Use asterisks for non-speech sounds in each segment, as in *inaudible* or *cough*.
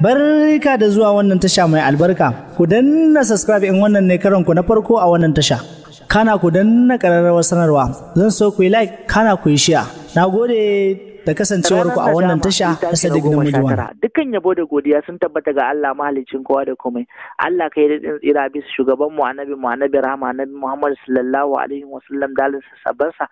barka da zuwa wannan tasha mai albarka ku danna subscribe in wannan ne karan ku na farko a wannan tasha kana ku danna kararrawar sanarwa zan so ku yi like kana ku yi share nagode da kasancewar a wannan tasha ta Sadiq Namijuwan. Dukkan yabo da godiya sun tabbata ga Allah mahaliccin kowa da komai. Allah kai da din tsira bisa shugaban mu annabi mu annabi rahama annabi Muhammad sallallahu alaihi wasallam da sabansa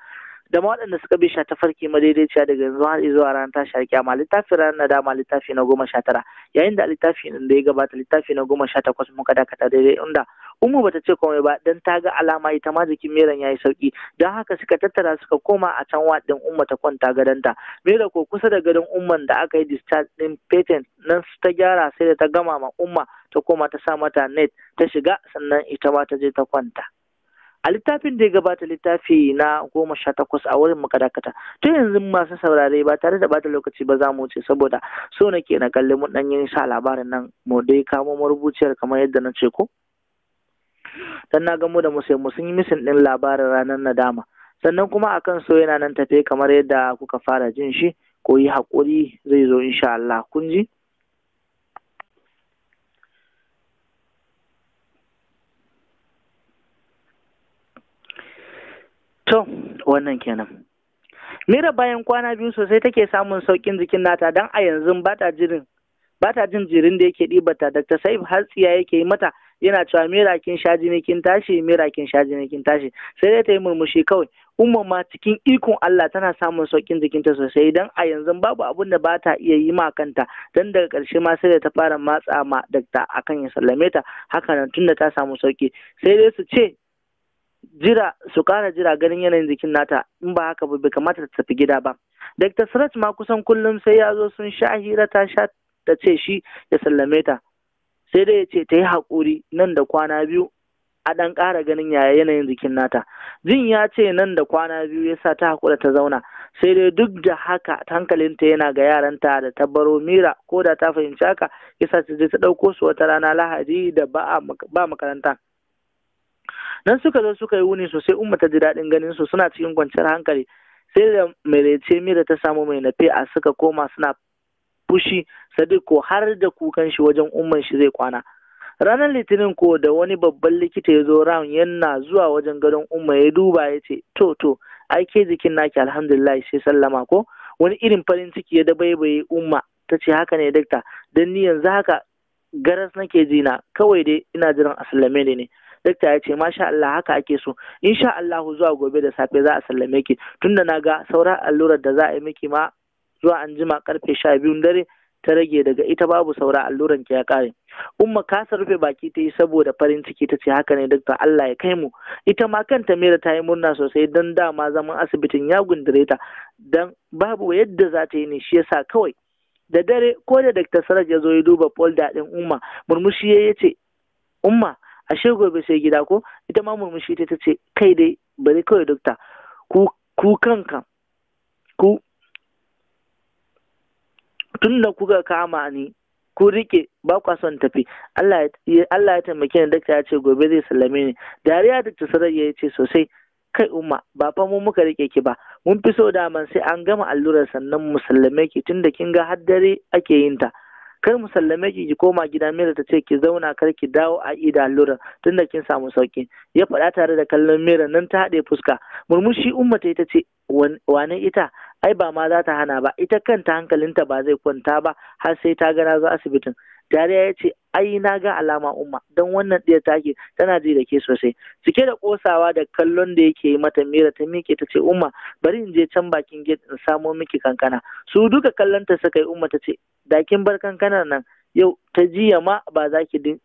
da ma waɗanda suka bi sha ta farki madaidaiciya daga yanzu har zuwa ranar tashi har kyama littafin ranar dama, littafi na goma sha tara yayin da littafi da ya gabata littafi na goma sha takwas muka dakata daidai inda umu bata ce komai ba dan ta ga alama ita ma jikin meran yayi sauki dan haka suka tattara suka koma a can waɗin umma ta kwanta gadonta mera ko kusa da gadon umman da aka yi discharge din patent nan su ta gyara sai da ta gama ma umma ta koma ta sa mata net ta shiga sannan ita ma ta je ta kwanta a littafin da ya gabata littafi na goma sha takwas a wurin makadakata to yanzu masu saurare ba tare da bata lokaci ba za mu ce. saboda so na ke na kalli mun dan yin sa labarin nan mu dai kamo marubuciyar kamar yadda na ce ko dan na gamo da musayi mu sun yi misin ɗin labarin ranar nadama sannan kuma akan so yana nan tafe kamar yadda kuka fara jin shi ko yi haƙuri zai zo insha Allah kun ji To, wannan kenan. Mira bayan kwana biyu sosai take samun saukin jikin nata don a yanzu ba ta jin jirin da yake ɗibata Dr. sai har tsiya yake yi mata yana cewa mira kin sha jini kin tashi mira kin sha jini kin tashi sai dai ta yi murmushi kawai umma ma cikin ikon Allah tana samun saukin jikinta sosai don a yanzu babu abun da ba ta iya yi ma kanta don daga ƙarshe ma sai da ta fara matsa ma dakta akan ya sallame ta haka nan tunda ta samu sauki sai dai su ce jira su kara jira ganin yanayin jikin nata in ba haka bai kamata ta tafi gida ba Dr. sirat ma kusan kullum sai ya zo sun sha hira ta sha ta ce shi ya sallame ta sai dai ya ce ta yi haƙuri nan da kwana biyu a ɗan ƙara ganin yaya yanayin jikin nata jin ya ce nan da kwana biyu ya sa ta haƙura ta zauna sai dai duk da haka hankalinta yana ga yaranta da tabbaro mira ko da ta fahimci haka yasa ta je ta ɗauko su wata rana lahadi da ba makaranta nan suka zo suka yi wuni sosai umma ta ji daɗin ganin su suna cikin kwanciyar hankali sai da mi mira ta samu mai nafe a suka koma suna fushi sadiq har da kukan shi wajen umman shi zai kwana ranar litinin ko da wani babban likita ya zo ran yana zuwa wajen gadon umma ya duba ya ce to to ai ke jikin naki alhamdulillah sai sallama ko wani irin farin ciki ya dabaibaye umma ta ce haka ne dakta don ni yanzu haka garas nake jina kawai dai ina jiran a sallame ne dakta ya ce masha Allah haka ake so insha Allah zuwa gobe da safe za a sallame ki tunda na ga saura allurar da za a yi miki ma zuwa anjima jima karfe sha biyu dare ta rage daga ita babu saura alluran ki ya kare umma kasa rufe baki ta yi saboda farin ciki ta ce haka ne dakta Allah ya kai mu ita ma kanta mera ta yi murna sosai don dama zaman asibitin ya gundure ta don babu yadda za ta yi ne shi yasa kawai da dare ko da dakta saraj ya zo ya duba folda din umma murmushi ya ce umma ashe gobe sai gida ko ita ma murmushi ta ce kai dai bari kawai dokta ku kanka ku tun kuka kama ni ku rike ba kwa son tafi Allah ya taimake ni dokta ya ce gobe zai sallame ni dariya da tsarar ya ce sosai kai umma ba fa mu muka rike ki ba mun fi so daman sai an gama allurar sannan mu sallame ki tunda kin ga har dare ake yin ta kar mu sallame ki ki koma gida mira ta ce ki zauna kar ki dawo a ida lura tunda kin samu sauki ya faɗa tare da kallon mira nan ta haɗe fuska murmushi umma ta ita ce wane ita ai ba ma za ta hana ba ita kanta hankalinta ba zai kwanta ba har sai ta gana zuwa asibitin dariya ya ce ai na ga alama umma don wannan ɗiyar take tana ji da ke sosai cike da kosawa da kallon da yake yi mata mira ta miƙe ta ce umma bari in je can bakin gate in samo miki kankana su duka kallon ta suka yi umma ta ce dakin bar kankanar nan yau ta jiya ma ba za ki din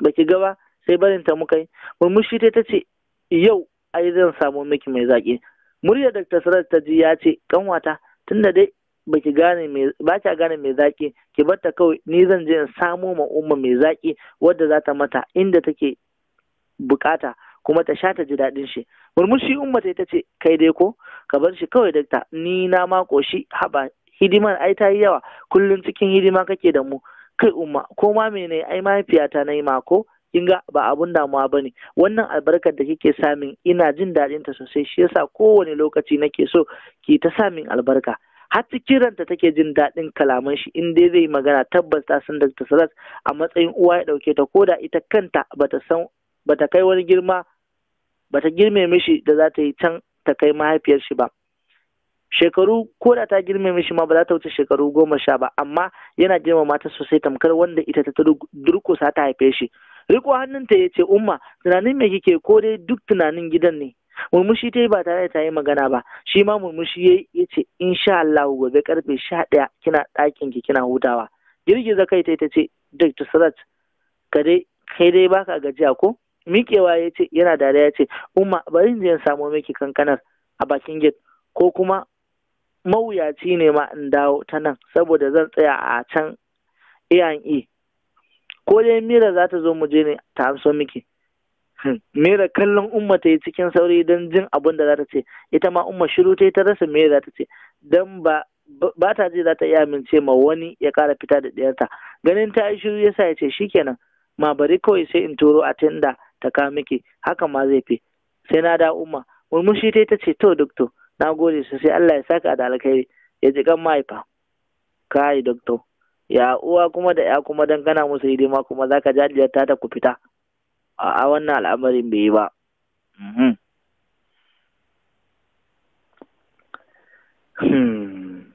ba ki ba sai barin ta muka yi murmushi ta ce yau ai zan samo miki mai zaƙi muryar da ta ta ji ya ce kanwata tunda dai baki gane me ba ki gane me zaki ki batta kawai ni zan je in samo ma umma me zaki wadda za ta mata inda take bukata kuma ta sha ta ji daɗin shi murmushi umma ta ce kai dai ko ka bar shi kawai dakta ni na ma koshi haba hidimar ai ta yi yawa kullum cikin hidima kake da mu kai umma ko ma mene ai mahaifiyata na yi mako kin ga ba abun damuwa ba ne wannan albarkar da kike samin ina jin daɗin ta sosai shi yasa kowane lokaci nake so ki ta samin albarka har ta kiranta take jin daɗin kalaman shi in dai zai magana tabbas ta san da ta a matsayin uwa ya ɗauke ta ko da ita kanta bata san bata kai wani girma bata girme mishi da za ta yi can ta kai mahaifiyar shi ba shekaru ko ta girme mishi ma ba za ta wuce shekaru goma sha ba amma yana girma mata sosai tamkar wanda ita ta durkusa ta haife shi riko hannunta ya ce umma tunanin me kike ko dai duk tunanin gidan ne murmushi ta yi ba tare da ta yi magana ba shi ma murmushi ya ce insha Allah gobe karfe sha ɗaya kina ɗakin ki kina hutawa girgiza kai ta ta ce Dr. Sarat kai dai baka gajiya ko miƙewa ya ce yana dare ya ce umma bari in je in samo miki kankanar a bakin gate ko kuma mawuyaci ne ma in dawo ta nan saboda zan tsaya a can A&E ko dai mira za ta zo mu je ne ta amso miki *laughs* mera kallon umma ta yi cikin sauri don jin abin da za ta ce ita ma umma shiru ta yi ta rasa me za ta ce don ba ta je za ta iya amince ma wani ya kara fita da ɗiyarta ganin ta yi shiru ya sa ya ce shikenan ma bari kawai sai in turo a tenda ta kawo miki haka ma zai fi sai na da umma murmushi ta ta ce to dokto na gode su sai Allah ya saka da alkhairi ya ji kan mahaifa kai dokto ya uwa kuma da ya kuma dangana musu hidima kuma zaka jajiyar ta ta ku fita a wannan al'amarin bai yi ba mm-hmm. hmm.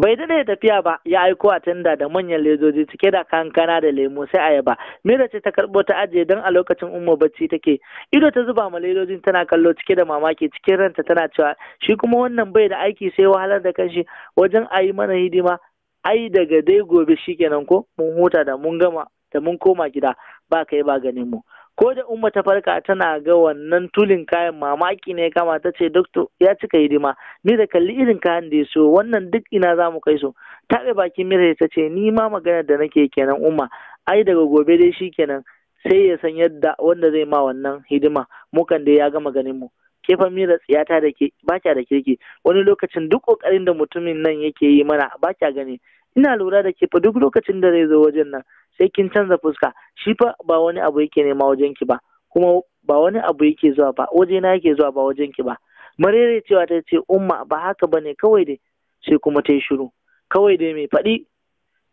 bai daɗe tafiya ba ya aiko a tanda da manyan lezoji cike da kankana da lemo sai ayaba mira ce ta karɓo ta ajiye don a lokacin umma bacci take ido ta zuba ma lezojin tana kallo cike da mamaki cikin ranta tana cewa shi kuma wannan bai da aiki sai wahalar da kanshi wajen a yi mana hidima ai daga dai gobe kenan ko mun huta da mun gama da mun koma gida ba kai ba ganin mu ko da umma ta farka tana ga wannan tulin kayan mamaki ne kama ta ce doctor ya cika hidima ni da kalli irin kayan da ya so wannan duk ina za mu kai su taɓe bakin mira ta ce ni ma magana da nake kenan umma ai daga gobe dai shi kenan sai ya san yadda wanda zai ma wannan hidima mukan dai ya gama ganin mu Kefan mira tsiyata da ke ba da kirki wani lokacin duk kokarin da mutumin nan yake yi mana ba gani ina lura da ke fa duk lokacin da zai zo wajen nan sai kin canza fuska shi fa ba wani abu yake nema wajen ki ba kuma ba wani abu yake zuwa ba waje na yake zuwa ba wajen ki ba marere cewa ta ce umma ba haka bane kawai dai sai kuma ta yi shiru kawai dai mai faɗi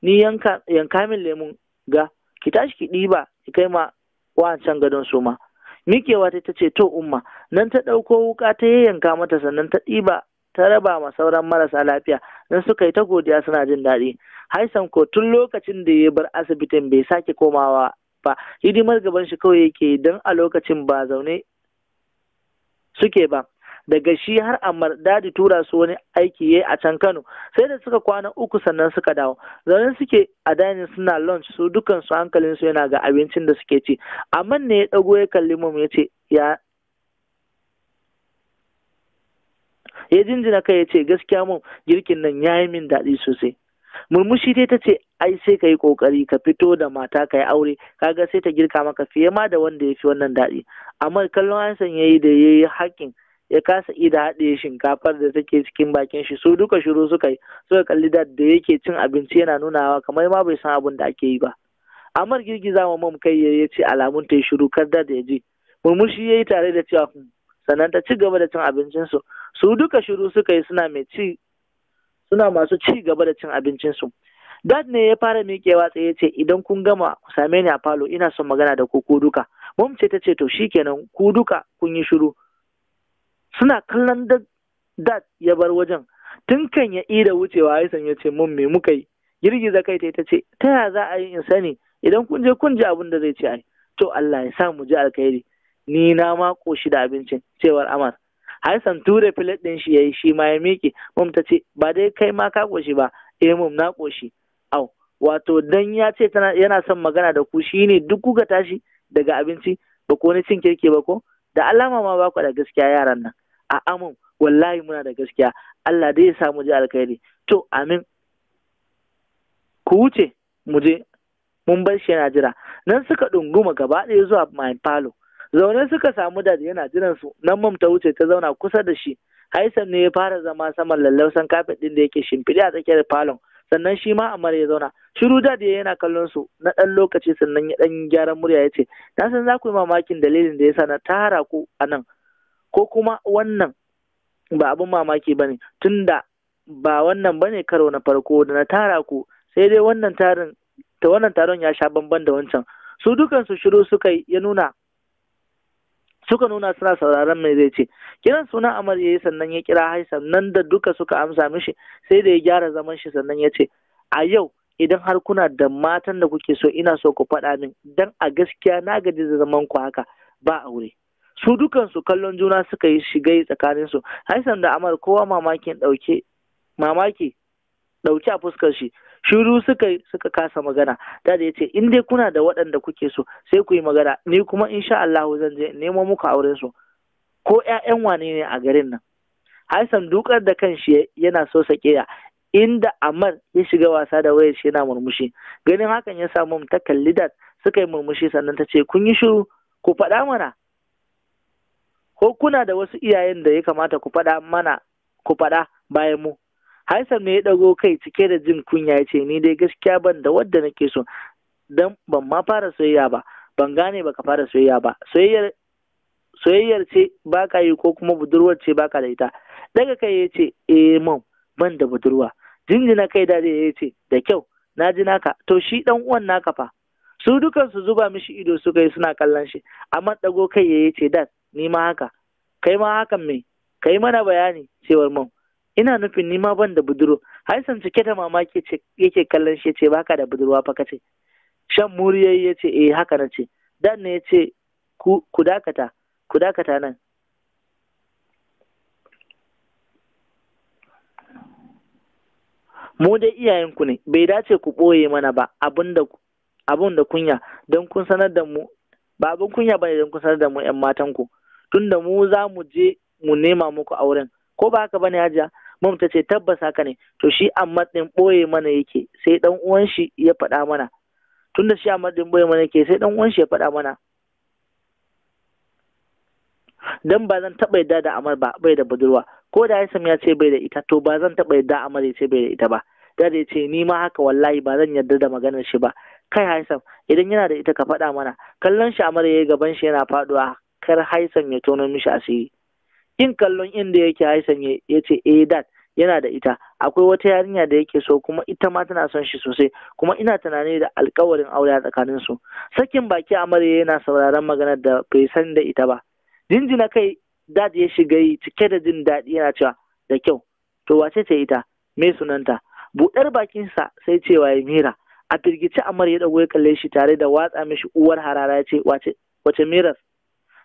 ni yanka yanka min lemun ga ki tashi ki ɗiba ki kai ma wancan gadon su ma mikewa ta ce to umma nan ta ɗauko wuka ta yayyanka mata sannan ta ɗiba ta raba ma sauran marasa lafiya don suka yi ta godiya suna jin daɗi haisan ko tun lokacin da ya bar asibitin bai sake komawa ba hidimar gaban shi kawai yake don a lokacin ba zaune suke ba daga shi har amar dadi tura su wani aiki yayi a can kano sai da suka kwana uku sannan suka dawo zaune suke a dining suna lunch su dukan hankalinsu yana ga abincin da suke ci amma ne ya dago ya kalli mu ya ce ya ya jinjina kai ya ce gaskiya mun girkin nan ya yi min daɗi sosai murmushi dai ta ce ai sai ka yi kokari ka fito da mata ka yi aure ka ga sai ta girka maka fiye ma da wanda ya fi wannan daɗi amma kallon hansan ya yi da ya yi haƙƙin ya kasa ida haɗe shinkafar da take cikin bakin shi su duka shiru suka yi suka kalli da da yake cin abinci yana nunawa kamar ma bai san abin da ake yi ba amar girgiza wa mam kai ya ce alamun ta yi shiru kar da ya je murmushi ya yi tare da cewa hmm. sannan ta ci gaba da cin abincinsu su duka shiru suka yi suna mai ci suna masu ci gaba da cin abincinsu dad ne ya fara miƙewa tsaye ce idan kun gama ku same ni a falo ina son magana da ku ku duka mum ce ta ce to shikenan ku duka kun yi shiru suna kallon da dad ya bar wajen tun kan ya ida wucewa ya sanya ce mun me muka yi girgiza kai ta ce ta ya za a yi in sani idan kun je kun ji abin da zai ce ai to Allah ya sa mu ji alkhairi ni na ma koshi da abincin cewar Amar Hassan ture filet ɗin shi yayi shi ma ya miƙe mum ta ce ba dai kai ma ka ƙoshi ba eh mum na ƙoshi au wato dan ya ce yana son magana da ku Shi ne duk kuka tashi daga abinci ba ko wani cin kirki ba ko da alama ma ba ku da gaskiya yaran nan a amin wallahi muna da gaskiya Allah dai ya sa mu ji alkhairi to amin ku wuce mu je mun bar shi yana jira nan suka ɗunguma gaba ɗaya zuwa my palo zaune suka samu da yana jiran su nan mam ta wuce ta zauna kusa da shi haisan ne ya fara zama saman lallausan kafet din da yake shimfiɗe a tsakiyar falon sannan shi ma amar ya zauna shiru da ya yana kallon su na ɗan lokaci sannan ya ɗan gyaran murya ya ce na san za ku yi mamakin dalilin da ya sa na tara ku a nan ko kuma wannan ba abin mamaki ba ne Tun da ba wannan ba ne karo na farko da na tara ku sai dai wannan tarin ta wannan taron ya sha bamban da wancan su dukansu shiru suka yi ya nuna suka nuna suna sauraron mai zai ce kiran suna amar yayi sannan ya kira hai sannan da duka suka amsa mishi sai da ya gyara zaman shi sannan ya ce a yau idan har kuna da matan da kuke so ina so ku faɗa min dan a gaskiya na gaji da zaman ku haka ba aure su dukansu kallon juna suka yi shiga tsakanin su haisan da amar kowa mamakin dauke mamaki dauke a fuskar shi shiru suka suka kasa magana da da yace in dai kuna da waɗanda kuke so sai ku yi magana ni kuma insha Allah zan je nemo muku auren su ko ƴaƴan wane ne a garin nan Haisan dukar da shi yana so sake ya inda Amar ya shiga wasa da wayar shi yana murmushi ganin hakan ya samu ta kalli da suka yi murmushi sannan ta ce kun yi shiru ku faɗa mana ko kuna da wasu iyayen da ya kamata ku faɗa mana ku faɗa bayan mu Haisam ne ya ɗago kai cike da jin kunya ya ce ni dai gaskiya ban da wadda nake so don ban ma fara soyayya ba ban gane baka fara soyayya ba soyayyar soyayyar ce baka yi ko kuma budurwar ce baka da ita daga kai ya ce eh mom ban da budurwa jinjina kai da ya ce da kyau na ji naka to shi dan uwan naka fa su dukan su zuba mishi ido suka yi suna kallon shi amma dago kai ya ce dad ni ma haka kai ma hakan me kai mana bayani cewar mom ina nufin nima ban da budurwa san cike da mamaki yake kallon shi ce baka da budurwa fa kace shan muriyayi ya ce eh haka na ce dan ne ya ce ku dakata ku dakata nan mu dai iyayenku ne bai dace ku ɓoye mana ba abun da kunya don kun sanar da mu ba abin kunya bane don kun sanar da mu yan matanku tunda mu za mu je mu nema muku auren ko ba haka bane hajiya mom ta ce tabbas haka ne to shi a din boye mana yake sai dan uwan shi ya faɗa mana tunda shi a din boye mana yake sai dan uwan shi ya faɗa mana dan ba zan taɓa yadda da amar ba bai da budurwa ko da Haisam ya ce bai da ita to ba zan taɓa yadda amar ya ce bai da ita ba da ya ce ni ma haka wallahi ba zan yarda da maganar shi ba kai Haisam idan yana da ita ka faɗa mana kallon shi amar yi gaban shi yana faɗuwa kar Haisam ya tono mishi asiri in kallon inda yake Haisam ya ce eh dad yana da ita akwai wata yarinya da yake so kuma ita ma tana son shi sosai kuma ina tunani da alkawarin aure a tsakanin su sakin baki amarya yana sauraron maganar da bai san da ita ba jinjina kai dad ya shiga yi cike da jin daɗi yana cewa da kyau to wace ce ita me sunanta buɗar bakinsa sai cewa ya mira a firgice amarya dago ya kalle shi tare da watsa mishi uwar harara ya ce wace wace miras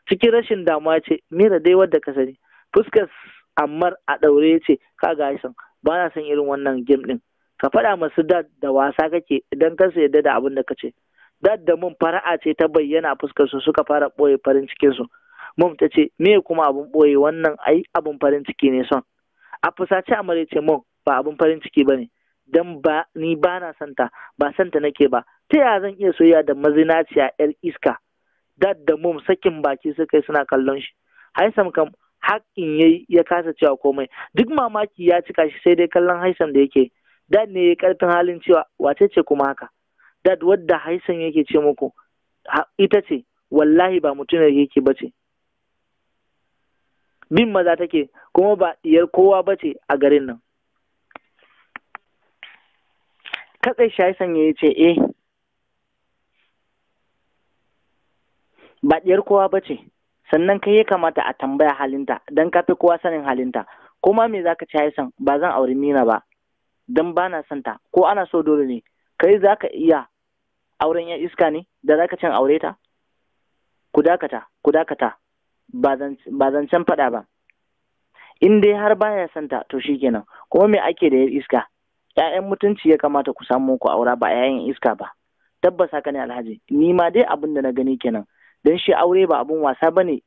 cikin rashin damuwa ce mira dai wadda ka sani fuskar amma a ɗaure ya ce ka ga Hassan ba na son irin wannan game ɗin ka faɗa masu dad da wasa kake idan ka su yadda da abin da ka ce. dad da mun fara'a ce ta bayyana fuskar su suka fara ɓoye farin cikin su mum ta ce me kuma abin ɓoye wannan ai abin farin ciki ne son a fusace amare ce mun ba abin farin ciki ba ne. dan ba ni ba na santa ba santa nake ba ta ya zan iya soyayya da mazinaciya yar iska dad da mum sakin baki suka yi suna kallon shi haisam kam hakkin ya ya kasa cewa komai duk mamaki ya cika shi sai dai kallon haisan da yake dad ne ya karfin halin cewa wace ce kuma haka dad wadda haisan yake ce muku ita ce wallahi ba mutum da yake bace bin maza take kuma ba diyar kowa bace a garin nan katsai shi haisan ya ce eh ba diyar kowa bace sannan kai ya kamata a tambaya halinta don ka fi kowa sanin halinta ko ma me zaka ci san ba zan auri Mina ba don ba na santa ko ana so dole ne kai zaka iya auren ya iska ne da zaka can aure ta ku dakata ku dakata ba zancen faɗa ba in dai har baya santa to kenan, kuma me ake da yar iska Ya'yan mutunci ya kamata ku samu ku aura ba ƴaƴan iska ba tabbas haka ne alhaji ni ma dai abin da na gani kenan don shi aure ba abun wasa ba ne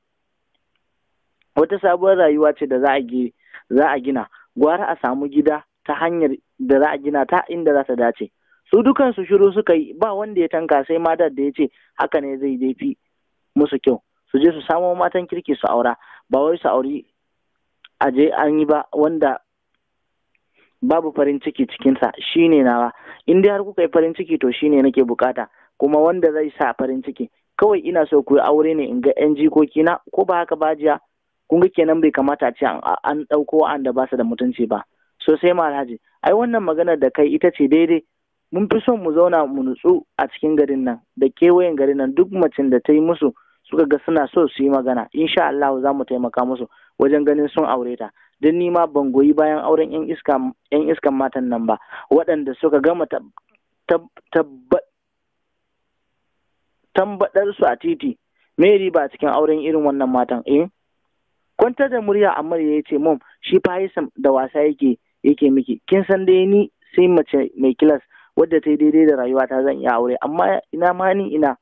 wata sabuwar rayuwa ce da za a gina gwara a samu gida ta hanyar da za a gina ta inda za ta dace su dukansu shiru suka yi ba wanda ya tanka sai matar da ya ce haka ne zai je fi musu kyau su je su samo matan kirki su aura ba wai su auri a je an yi ba wanda babu farin ciki cikinsa shine nawa in dai har kuka yi farin ciki to shine nake bukata kuma wanda zai sa farin ciki kawai ina so ku yi aure ne in ga yan jikoki na ko ba haka ba jiya kun ga kenan bai kamata a ce an ɗauko wa'anda ba su da mutunci ba Sosai sai ma alhaji ai wannan maganar da kai ita ce daidai mun fi son mu zauna mu nutsu a cikin garin nan da kewayen garin nan duk macin da ta yi musu suka ga suna so su yi magana insha Allah za mu taimaka musu wajen ganin sun aure ta don ni ma ban goyi bayan auren yan iskan matan nan ba waɗanda suka gama su a titi mary ba cikin auren irin wannan matan eh kwantar da murya amma ya ce mom shi fa da wasa yake yake miki kin san dai ni sai mace mai kilas wadda ta yi daidai da rayuwa ta zan iya aure amma ina ma ni ina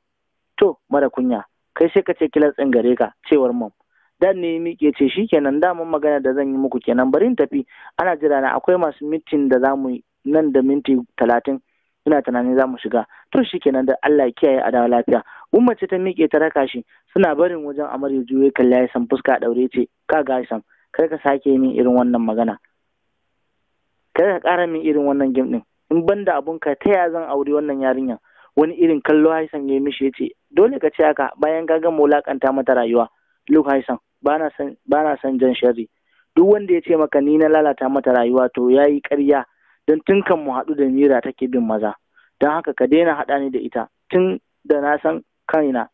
to mara kunya kai sai ka ce kilas din gare ka cewar mom dan ne miƙe ce shi kenan daman magana da zan yi muku kenan bari in tafi ana jira na akwai masu mitin da za mu nan da minti talatin Suna tunanin za mu shiga to shikenan da Allah ya kiyaye a dawo lafiya umma ce ta miƙe ta raka shi suna barin wajen amar ya juye kalla ya san fuska a daure ce ka ga sam kar ka sake min irin wannan magana kar ka ƙara min irin wannan gim din in banda abun ka ta ya zan aure wannan yarinya wani irin kallo Haisan ya mishi ya ce dole ka ce haka bayan ka gama wulakanta mata rayuwa Luke Haisan ba na son jan sharri duk wanda ya ce maka ni na lalata mata rayuwa to yayi ƙarya don tun kan mu haɗu da mira take bin maza don haka ka daina haɗa ni da ita tun da na san kaina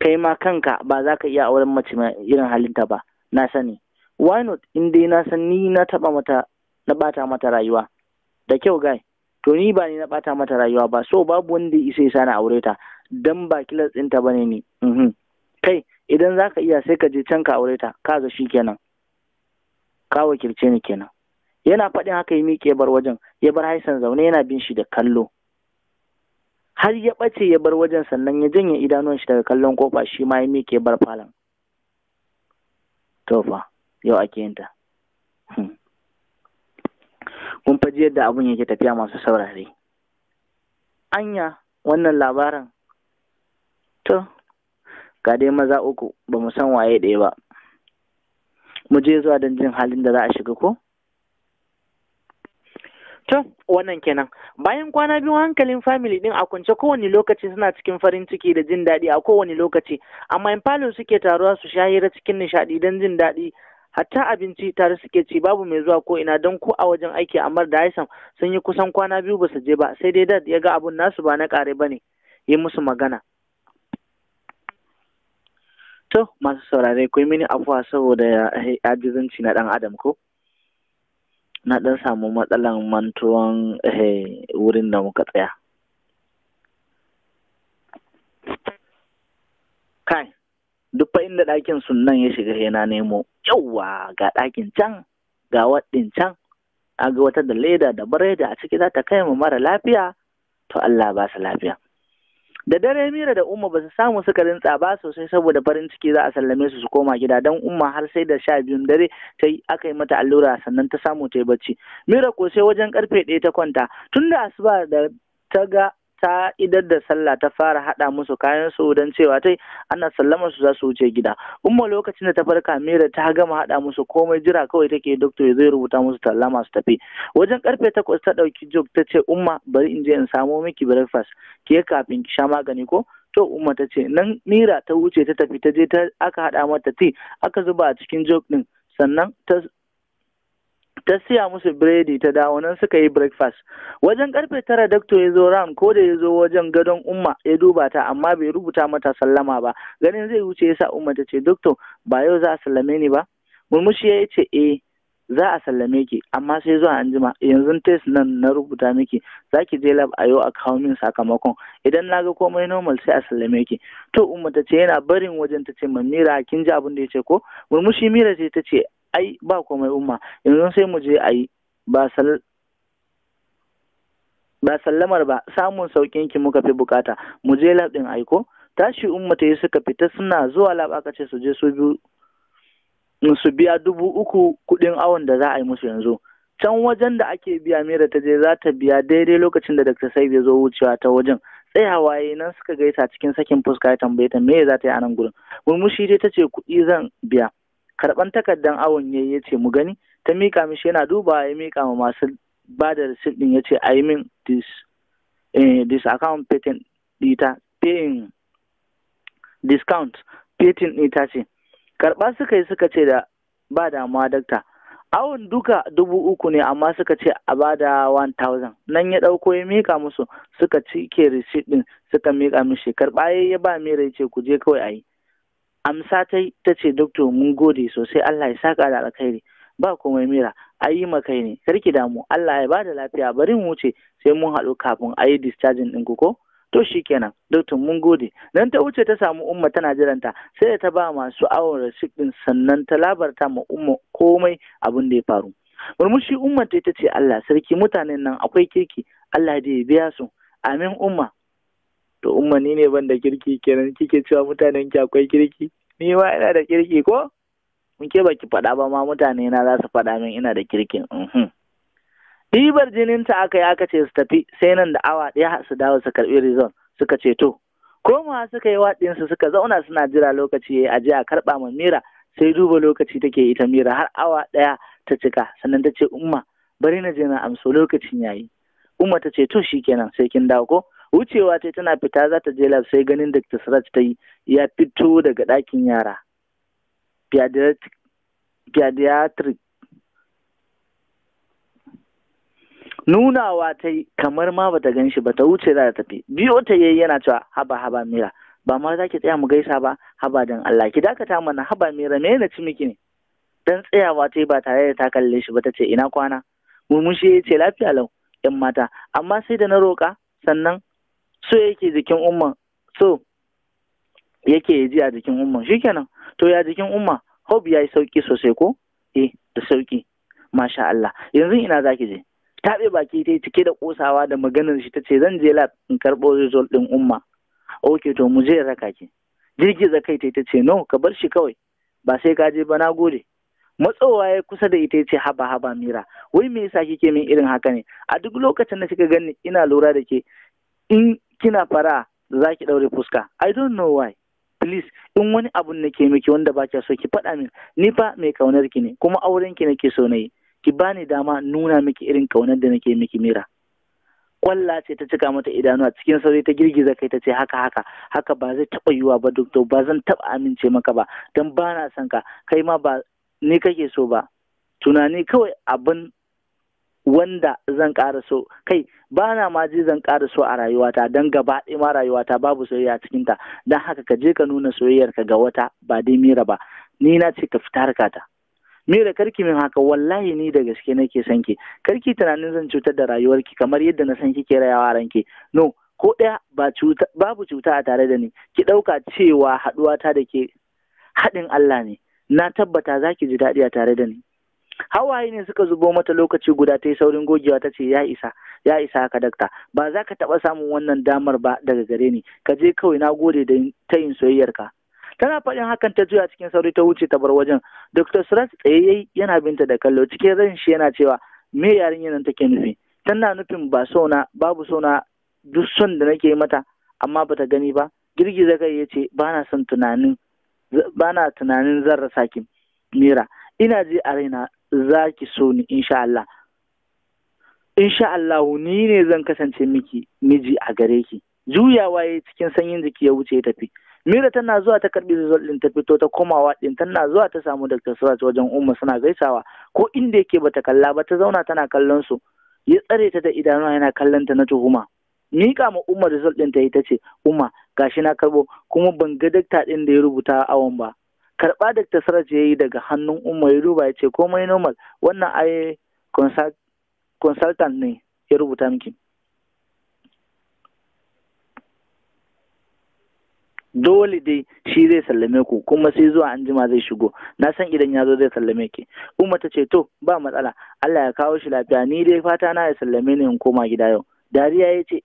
kai ma kanka ba za ka iya auren mace mai irin halinta ba na sani why not in dai na san ni na taɓa mata na bata mata rayuwa da kyau gai to ni ba ni na bata mata rayuwa ba so babu wanda isa isa na aure ta dan ba kilas ɗinta ne ni mhm. kai idan za ka iya sai ka je can ka aure ta kaga shi kenan ka wakilce ni kenan yana faɗin haka ya miƙe bar wajen ya bar haisan zaune yana bin shi da kallo har ya ɓace ya bar wajen sannan ya janye idanuwan shi daga kallon kofa shi ma ya miƙe bar falon tofa yau yau ake yinta hmm. kun faji yadda abun yake tafiya masu saurare anya wannan labaran. to ga dai maza uku ba mu san waye ɗaya ba mu je zuwa don jin halin da za a shiga ko To, wannan kenan. Bayan kwana biyu hankalin famili din a kwance kowane lokaci suna cikin farin ciki da jin daɗi a kowane lokaci, amma in falo suke taruwa su sha hira cikin nishaɗi don jin daɗi hatta abinci tare suke ci babu mai zuwa ko ina don ko a wajen aiki amar da haisan sun yi kusan kwana biyu ba su je ba sai dai dad ya ga abun nasu ba na ƙare ba ne yi musu magana. To masu saurare kun mini afuwa saboda ajizanci na ɗan adam ko? na ɗan samu matsalan mantuwan eh, wurin da muka tsaya kai duk fa inda ɗakin sun nan ya shiga yana nemo yauwa ga ɗakin can ga waɗin can a ga wata da leda da bareda a ciki za ta kai mu mara lafiya to Allah ba su lafiya da dare mira da umma ba su samu suka rintsa ba sosai saboda farin ciki za a sallame su su koma gida don umma har sai da sha biyun dare ta yi aka yi mata allura sannan ta samu ta yi bacci mira ko sai wajen karfe ɗaya ta kwanta tun da asuba da ta ga ta idar da sallah ta fara haɗa musu kayan su don cewa tai ana sallamar su za su wuce gida umma lokacin da ta farka mira ta gama haɗa musu komai jira kawai take doctor ya zai rubuta musu talla masu tafi wajen karfe takwas ta ɗauki jog ta ce umma bari in je in samo miki breakfast ke kafin ki sha magani ko to umma ta ce nan mira ta wuce ta tafi ta je ta aka haɗa mata tea aka zuba a cikin jog ɗin sannan ta ta siya musu biredi ta dawo nan suka yi breakfast wajen karfe tara dakto ya zo ran ko da ya zo wajen gadon umma ya duba ta amma bai rubuta mata sallama ba ganin zai wuce yasa umma ta ce dokto ba yau za a sallame ni ba murmushi ya ce eh za a sallame ki amma sai zuwa anjima yanzu test nan na rubuta miki za ki je lab a yau a kawo min sakamakon idan na ga komai normal sai a sallame ki to umma ta ce yana barin wajen ta ce mira kin ji abin da ya ce ko murmushi mira ce ta ce ai ba komai umma yanzu sai mu je a ba sallamar ba samun saukin ki muka fi bukata mu je lab aiko tashi umma ta suka fita suna zuwa lab aka ce su je su biyu su biya dubu uku kudin awon da za a yi musu yanzu can wajen da ake biya mira ta je za ta biya daidai lokacin da dr saif ya zo wucewa ta wajen Sai hawaye nan suka gaisa cikin sakin fuska ya tambaye ta me za ta yi a nan gurin murmushi dai ta ce kuɗi zan biya karban takardan awon ya ya ce mu gani ta mika mishi yana duba ya mika ma masu ba da receipt din ya ce i mean this eh, this account patent dita paying discount patent dita ce karba suka yi suka ce da ba ma dakta awon duka dubu uku ne amma suka ce a ba da 1000 nan ya ɗauko ya mika musu suka cike risit ɗin suka mika mishi karba ya ba mira ya ce ku je kawai yi. amsa ta ta ce mun gode sosai Allah ya saka da alkhairi ba komai mira ayi yi makai ne karki damu Allah ya bada lafiya bari mu wuce sai mun haɗu kafin ayi yi discharging ɗin ko to shikenan kenan, mun gode dan ta wuce ta samu umma tana jiranta sai ta ba masu awon rasik ɗin sannan ta labarta ma umma komai abin da ya faru murmushi umma ta ce Allah sarki mutanen nan akwai kirki Allah da ya biya su amin umma to umma ni ne ban da kirki kenan kike cewa mutanen ki akwai kirki ni ma ina da kirki ko Mun ke baki faɗa ba ma mutane na za su faɗa min ina da kirkin ɗibar jininta aka yi aka ce su tafi sai nan da awa ɗaya su dawo su karɓi rizon suka ce to komawa suka yi waɗinsu suka zauna suna jira lokaci ya yi aje a karɓa ma mira sai duba lokaci take ita mira har awa ɗaya ta cika sannan ta ce umma bari na je na amso lokacin yayi umma ta ce to shikenan sai kin dawo ko wucewa ta tana fita za ta je lab sai ganin da Siraj ta yi ya fito daga ɗakin yara pediatric nunawa ta yi kamar ma bata gan shi ba ta wuce za ta tafi biyo ta yayi yana cewa haba haba mira ba ma za ki tsaya mu gaisa ba haba dan Allah ki dakata mana haba mira me na ci miki ne dan tsayawa ta yi ba tare da ta kalle shi ba ta ce ina kwana murmushi ya ce lafiya lau yan mata amma sai da na roƙa sannan so yake jikin umma so yake ji a jikin umma shikenan to ya jikin umma hob ya yi sauki sosai ko eh da sauki masha Allah yanzu ina zaki je taɓe baki ta yi cike da ƙosawa da maganar shi ta ce zan je lab in karɓo result din umma ok to mu je raka ki girgiza kai ta ce no ka bar shi kawai ba sai ka je ba na gode matsowa ya kusa da ita ce haba haba mira wai me yasa kike min irin haka ne a duk lokacin da kika gani ina lura da ke in kina fara za ki ɗaure fuska i don't know why please in wani abu abun ke miki wanda ba so ki faɗa min ni fa mai kaunar ki ne kuma auren ki nake so nayi ki bani dama nuna miki irin kaunar da nake miki mira kwalla ce ta cika mata idanu a cikin sauri ta girgiza kai ta ce haka haka haka ba zai taɓa yiwuwa ba doktor ba zan taɓa amince maka ba don ba na son ka kai ma ba ni kake so ba tunani kawai abin wanda zan ƙara so kai ba na ma ji zan ƙara so a rayuwata don gaba ɗaya ma rayuwata babu soyayya a cikinta, don haka ka je ka nuna soyayyarka ga wata ba dai mira ba ni na ce ka fita ta mira karki min haka wallahi ni da gaske nake son ki karki tunanin zan cutar da rayuwarki kamar yadda na san kike rayawa ranke no ko ɗaya babu cuta a tare da ni ki ɗauka cewa haɗuwata da ke haɗin Allah ne na tabbata za ki ji daɗi a tare da ni hawaye ne suka zubo mata lokaci guda ta yi saurin gogewa ta ce ya isa ya isa haka dakta ba za ka taɓa samun wannan damar ba daga gare ni ka je kawai na gode da ta yin soyayyarka tana faɗin hakan ta juya cikin sauri ta wuce ta bar wajen dr surat tsayayye yana binta da kallo cikin ran shi yana cewa me yarinyar nan take nufi tana nufin ba sona babu sona duk son da nake mata amma bata gani ba girgiza kai ya ce ba na son tunanin ba na tunanin zan rasa ki mira ina ji a raina za ki so ni insha Allah insha Allah ni ne zan kasance miki miji a gare ki juyawa ya cikin sanyin jiki ya wuce ya tafi Mira tana zuwa ta karbi result din ta fito ta komawa din tana zuwa ta samu Dr. Suraj wajen Umma suna gaisawa ko inda yake bata kalla ba ta zauna tana kallon su ya tsare ta da idanuwa yana kallon ta na tuhuma mika ma Umma result din ta yi ce, Umma gashi na karbo kuma ban ga dakta ɗin da ya rubuta awon ba karɓa da Saraj ya yi daga hannun Umar Yoruba ya ce komai normal wannan ai consultant ne ya rubuta miki. Dole dai shi zai sallame ku kuma sai zuwa anjima zai shigo na san idan ya zo zai sallame ki Umma ta ce to ba matsala Allah ya kawo shi lafiya ni dai fata na ya sallame ni in koma gida yau dariya ya ce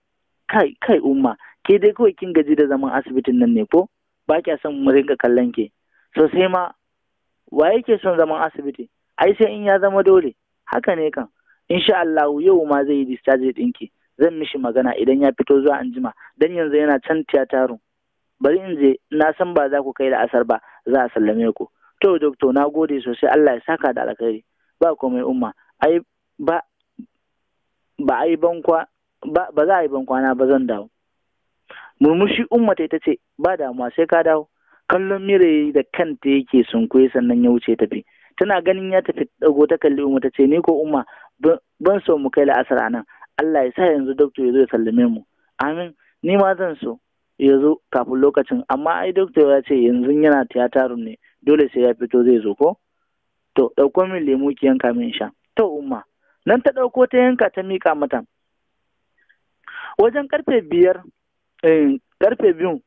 kai kai umma ke dai kawai kin gaji da zaman asibitin nan ne ko ba kya son mu rinka kallon ki? sosai ma wa yake son zaman asibiti ai sai in ya zama dole haka ne kan insha Allah yau ma zai yi discharge ɗinki zan mishi magana idan ya fito zuwa anjima dan yanzu yana can tiyatarun bari in je na san ba za ku kai da asar ba za a sallame ku to doctor na gode sosai Allah ya saka da alkhairi ba komai umma ai ba ba ai bankwa ba ba za a yi bankwana ba zan dawo murmushi umma ta ce ba damuwa sai ka dawo kallon mire da kanta yake sunkuye sannan ya wuce tafi tana ganin ya tafi dago ta kalli umma ta ce ni ko umma ban so mu kai la'asar a nan Allah ya sa yanzu doctor ya zo ya sallame mu amin ni ma zan so ya zo kafin lokacin amma ai doctor ya ce yanzu yana tiyata ne dole sai ya fito zai zo ko to ɗauko min lemu ki yanka min sha to umma nan ta ɗauko ta yanka ta mika mata wajen karfe biyar karfe eh, biyun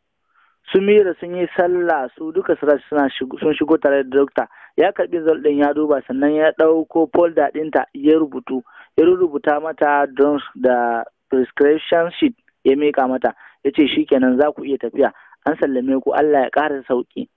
su mira sun yi sallah su duka suna sun shigo tare da dokta ya karbi zalɗin ya duba sannan ya ɗauko folda ɗinta ya rubutu ya rubuta mata drugs da prescription sheet ya mika mata ya ce shi kenan za ku iya tafiya an sallame ku Allah ya ƙara sauƙi.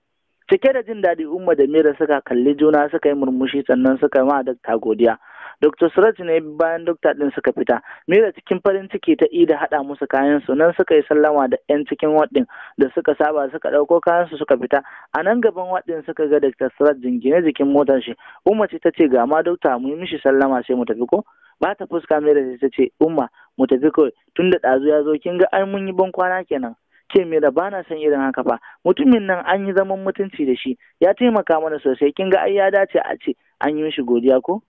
cike da jin daɗi umma da mira suka kalli juna suka yi murmushi sannan suka ma ta godiya Dr. Suraj ne bayan dokta ɗin suka fita. Mira cikin farin ciki ta da haɗa musu kayan su nan suka yi sallama da 'yan cikin waɗin da suka saba suka ɗauko kayan su suka fita. A nan gaban waɗin suka ga Dr. Suraj jingine jikin motar shi. Umma ce ta ce ga ma dokta mu yi mishi sallama sai mu tafi ko? Ba ta fuska Mira ta ce Umma mu tafi ko tun ɗazu ya zo kin ga ai mun yi ban kwana kenan. ce mira da bana son irin haka fa mutumin nan an yi zaman mutunci da shi ya taimaka mana sosai kin ga ai ya dace a ce an yi mishi godiya ko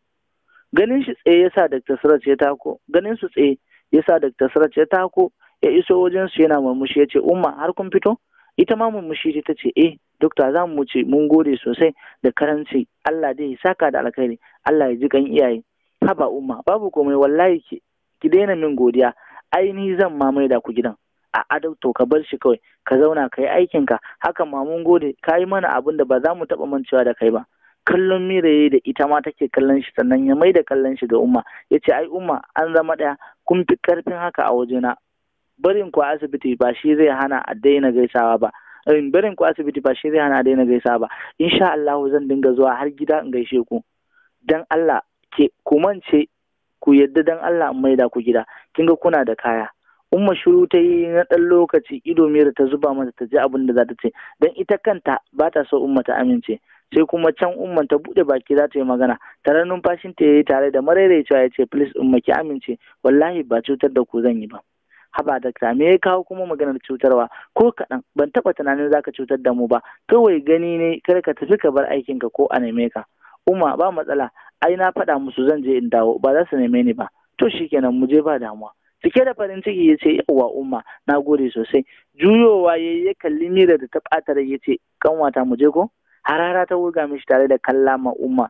ganin shi tsaye yasa Dr. ya tako ganin su tsaye yasa Dr. Siraj ya tako ya iso wajen su yana murmushi ya ce umma har kun fito ita ma murmushi ta ce eh dokta za mu ce mun gode sosai da karanci Allah dai ya saka da alkhairi Allah ya ji kan iyaye haba umma babu komai wallahi ki daina min godiya ainihi zan mamaida ku gidan a adab to ka bar shi kawai ka zauna ka yi aikinka haka ma mun gode ka yi mana abin da ba za mu taɓa mancewa da kai ba kallon miraye da ita ma take kallon shi sannan ya mai da kallon shi ga umma ya ce ai umma an zama ɗaya kun fi ƙarfin haka a wajena barin ku asibiti ba shi zai hana a daina gaisawa ba ehm, barin ku asibiti ba shi zai hana a daina gaisawa ba insha Allah zan dinga zuwa har gida in gaishe ku dan Allah ke ku mance ku yadda dan Allah in maida ku gida kinga kuna da kaya umma shiru ta yi na ɗan lokaci ido mira ta zuba mata ta ji abin da za ta ce don ita kanta ba ta so umma ta amince sai kuma can umman ta buɗe baki za ta yi magana tare numfashin ta yi tare da maraicewa ya ce please umma ki amince wallahi ba cutar da ku zan yi ba haba ta me ya kawo kuma maganar cutarwa ko kaɗan ban taɓa tunanin za ka cutar da mu ba kawai gani ne kar ka tafi ka bar aikinka ko a neme ka umma ba matsala ai na faɗa musu zan je in dawo ba za su neme ni ba to shikenan mu je ba damuwa cike da farin ciki ya ce wa umma na gode sosai juyowa ya ya kalli mira da ta ɓata da ya ce kanwata mu je ko harara ta wuga mishi tare da kalla ma umma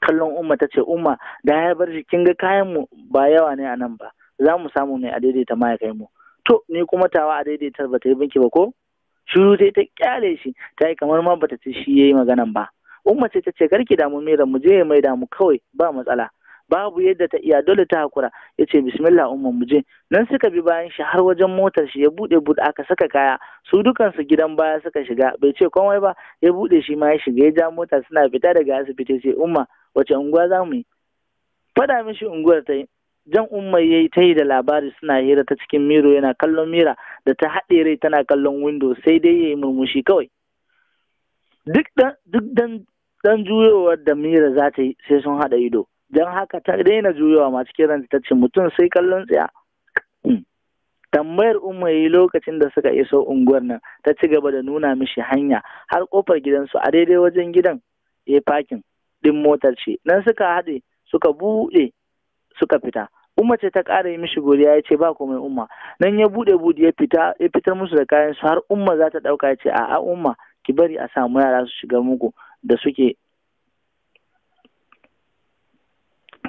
kallon umma ta ce umma da ya bar shi kin ga kayan mu ba yawa ne a nan ba za mu samu mai a daidaita ma ya kai mu to ni kuma tawa a daidaita ba ta yi binki ba ko shiru sai ta kyale shi ta yi kamar ma bata ce shi ya yi maganan ba umma ce ta ce karki damu mira mu je mai damu kawai ba matsala babu yadda ta iya dole ta hakura ya ce bismillah umma mu nan suka bi bayan shi har wajen motar shi ya bude bude aka saka kaya su dukansu gidan baya suka shiga bai ce komai ba ya bude shi ma ya shiga ya ja mota suna fita daga asibiti sai umma wace unguwa za mu yi fada mishi unguwar ta yi jan umma ya yi ta yi da labari suna hira ta cikin miro yana kallon mira da ta haɗe rai tana kallon windo sai dai ya yi murmushi kawai duk dan juyowar da mira za ta yi sai sun haɗa ido don haka ta daina juyowa masu kiran ta ce mutum sai kallon tsaya hmm. tambayar umma lokacin da suka iso unguwar nan ta ci gaba da nuna mishi hanya har kofar gidansu a daidai wajen gidan ya fakin din motar ce nan suka haɗe suka buɗe suka fita umma ce ta ƙara yi mishi godiya ya ce ba komai umma nan ya buɗe buɗe ya fita ya fitar musu da kayan su har umma za ta ɗauka ya ce a'a umma ki bari a samu yara su shiga muku da suke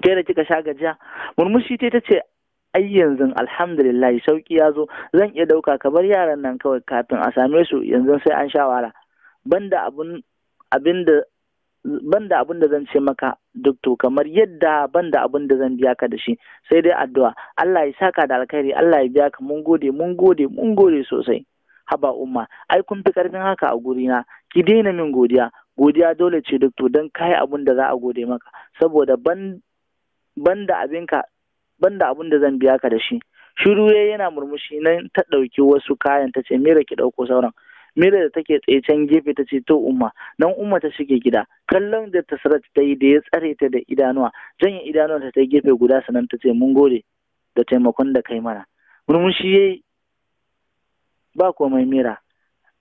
kai da kika sha gajiya murmushi ta ce ai yanzu alhamdulillah sauki ya zo zan iya dauka ka bar yaran nan kawai kafin a same su yanzu sai an sha wara banda abun abinda banda abin da zan ce maka duk kamar yadda banda abin da zan biya ka da shi sai dai addu'a Allah ya saka da alkhairi Allah ya biya ka mun gode mun gode mun gode sosai haba umma ai kun fi karfin haka a gurina ki daina min godiya godiya dole ce duk dan kai abin da za a gode maka saboda ban banda abinka banda abin da zan biya ka da shi shiru ya yana murmushi nan ta ɗauki wasu kayan ta ce mira ki ɗauko sauran mira da take tsaye can gefe ta ce to umma nan umma ta shige gida kallon da tasrat ta yi da ya tsare ta da idanuwa janye idanuwa ta ta gefe guda sanan ta ce mun gode da taimakon da kai mana murmushi yayi ba komai mira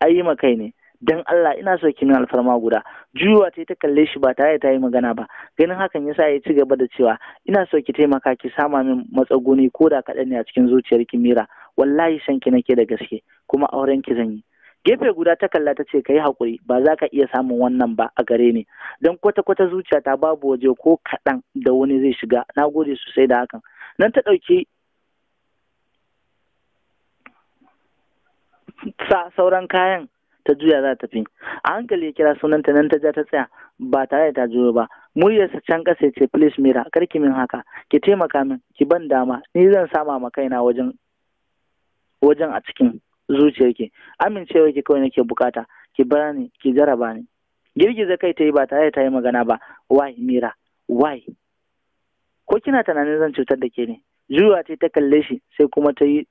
ayi ma kai ne dan Allah ina so ki min alfarma guda juyuwa ta ta kalle shi ba tare ta yi magana ba ganin hakan ya sa ya ci gaba da cewa ina so ki taimaka ki sama min matsaguni ko da kaɗan ne a cikin zuciyar ki mira wallahi shan ki nake da gaske kuma auren ki zan yi gefe guda ta kalla ta ce yi hakuri ba za ka iya samun wannan ba a gare ni don kwata kwata zuciya ta babu waje ko kaɗan da wani zai shiga na gode sosai da hakan nan ta ɗauki sa sauran kayan ta juya za ta fi. a hankali ya kira sunanta nan ta ja ta tsaya ba tare da ta juyo ba muryarsa can ƙasa ce please mira karki min haka ki taimaka min ki ban dama ni zan sama ma kaina wajen wajen a cikin zuciyarki amincewa ki kawai nake bukata ki bara ni ki jaraba ni girgiza kai ta yi ba tare da ta yi magana ba why mira why ko kina tunanin zan cutar da ke ne juya ce ta kalle shi sai kuma ta yi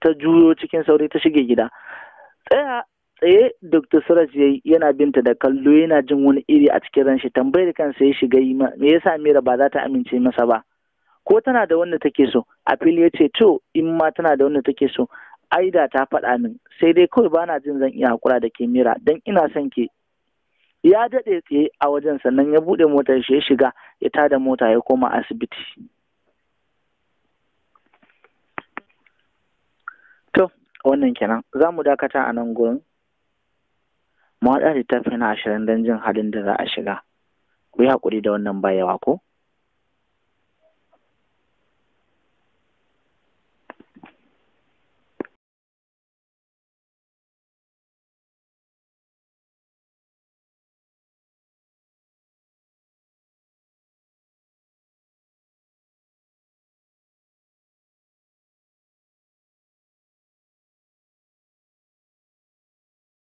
ta juyo cikin sauri ta shige gida tsaya tsaye dr suraj yayi yana binta da kallo yana jin wani iri a cikin ranshi tambayar kansa ya shiga yi me yasa mira ba za ta amince masa ba ko tana da wanda take so a fili ya ce to in ma tana da wanda take so Aida ta faɗa min sai dai kawai ba na jin zan iya hakura da ke mira don ina son ke ya daɗe tsaye a wajen sannan ya buɗe motar shi ya shiga ya tada mota ya koma asibiti to wannan kenan za mu dakata a nan gurin mu haɗa littafi na ashirin don jin halin da za a shiga ku yi haƙuri da wannan bayawa ko